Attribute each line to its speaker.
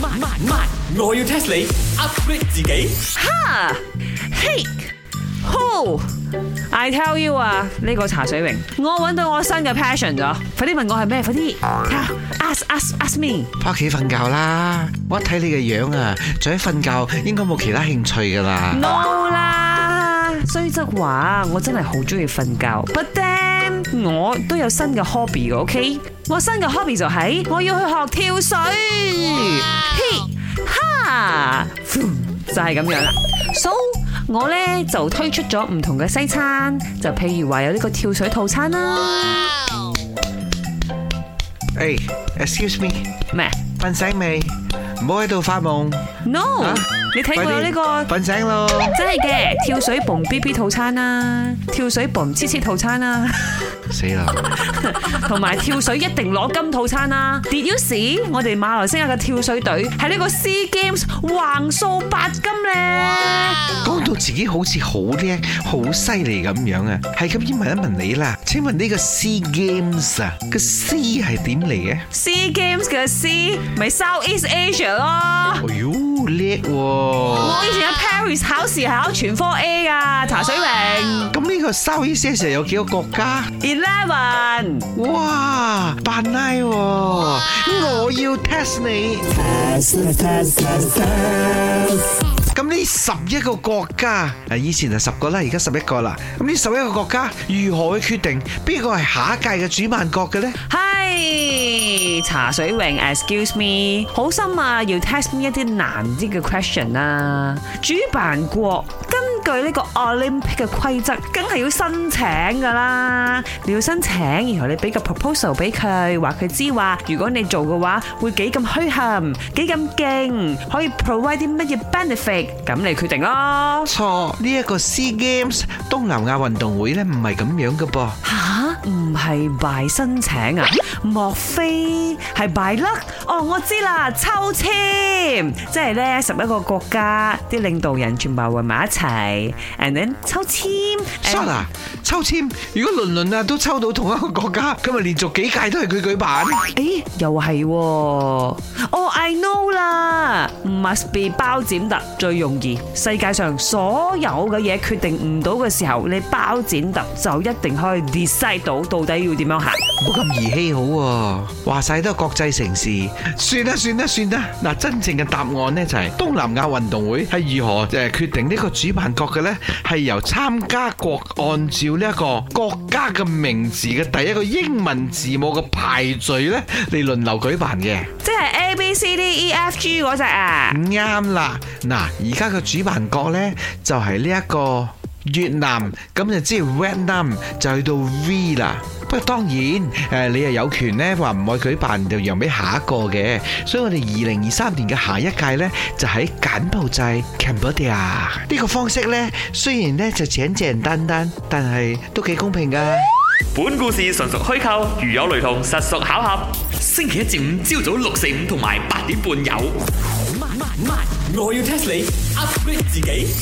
Speaker 1: 慢慢慢，我要 test 你 upgrade 自己。哈，嘿，好，I tell you 啊，呢個茶水榮，我揾到我新嘅 passion 咗。快啲問我係咩？快啲。Ask ask ask me。翻屋企瞓覺
Speaker 2: 啦，我一睇你嘅樣啊，除咗瞓覺，應該冇其他興趣噶啦。
Speaker 1: No 啦，雖則話我真係好中意瞓覺，but then 我都有新嘅 hobby 嘅，OK。我新嘅 hobby 就係我要去學跳水，嘿哈，就係咁樣啦。So，我咧，就推出咗唔同嘅西餐，就譬如話有呢個跳水套餐啦。誒，excuse me，咩？瞓醒
Speaker 2: 未？唔好喺度發夢。
Speaker 1: no，你睇過有呢個？瞓醒咯，真係嘅跳水 boom B B 套餐啦，跳水 boom C C 套餐啦，
Speaker 2: 死啦，
Speaker 1: 同埋跳水一定攞金套餐啦，did you see，我哋馬來西亞嘅跳水隊喺呢個 SEA Games 橫掃八金咧。講到自
Speaker 2: 己好似好叻、好犀利咁樣啊，係咁要問一問你啦，請問呢個 SEA Games 啊，個 SEA 係點嚟嘅
Speaker 1: ？SEA Games 嘅 SEA 咪 South East Asia 咯。
Speaker 2: 哎呦～叻，我以前喺
Speaker 1: Paris 考試係考全科 A 㗎查水平。咁呢個
Speaker 2: SAIS 有幾個國家
Speaker 1: ？Eleven。
Speaker 2: 哇，扮奶喎！我要 test 你。test test test test。咁呢十一個國家，啊以前係十個啦，而家十一個啦。咁呢十一個國家如何去決定邊個係下
Speaker 1: 一屆嘅主辦國嘅咧？Hey, 茶水泳 Excuse me，好心啊，要 test me 一啲難啲嘅 question 啦。主辦國根據呢個 Olympic 嘅規則，梗係要申請噶啦。你要申請，然後你俾個 proposal 俾佢，話佢知話，如果你做嘅話，會幾咁墟冚、幾咁勁，可以 provide 啲乜嘢 benefit，咁你決定咯。錯，
Speaker 2: 呢一個 SEA Games 東南亞運動會咧，啊，唔係咁樣噶噃。吓？
Speaker 1: 唔係 by 申請啊？莫非係 by luck？哦，我知啦，抽籤，即係咧十一個國家啲領導人全部圍埋一齊，and then 抽籤。Shana，抽籤，如果輪輪啊都抽到同一個國家，今日連續幾屆都係佢舉辦，誒，又係。哦，I know 啦，must be 包剪揼最容易。世界上所有嘅嘢決定唔到嘅時候，你包剪揼就一定可以 decide 到到。到底要點樣行？
Speaker 2: 冇咁兒戲好喎，啊！話曬都係國際城市，算啦算啦算啦！嗱，真正嘅答案呢，就係，就係東南亞運動會係如何誒決定呢個主辦國嘅呢？係由參加國按照呢一個國家嘅名字嘅第一個英文字母嘅排序呢，嚟輪流舉辦嘅。
Speaker 1: 即係 A B C D E F G 嗰隻啊！
Speaker 2: 啱啦！嗱，而家嘅主辦國呢，就係呢一個。越南咁就即係 Vietnam，就去到 V 啦。不過當然，誒你又有權咧，話唔愛舉辦就讓俾下一個嘅。所以我哋二零二三年嘅下一屆咧就喺柬埔寨 Cambodia。呢個方式咧雖然咧就簡簡單單，但係都幾公平噶。
Speaker 1: 本故事純屬虛構，如有雷同，實屬巧合。星期一至五朝早六四五同埋八點半有。
Speaker 2: 我要 test 你 upgrade 自己。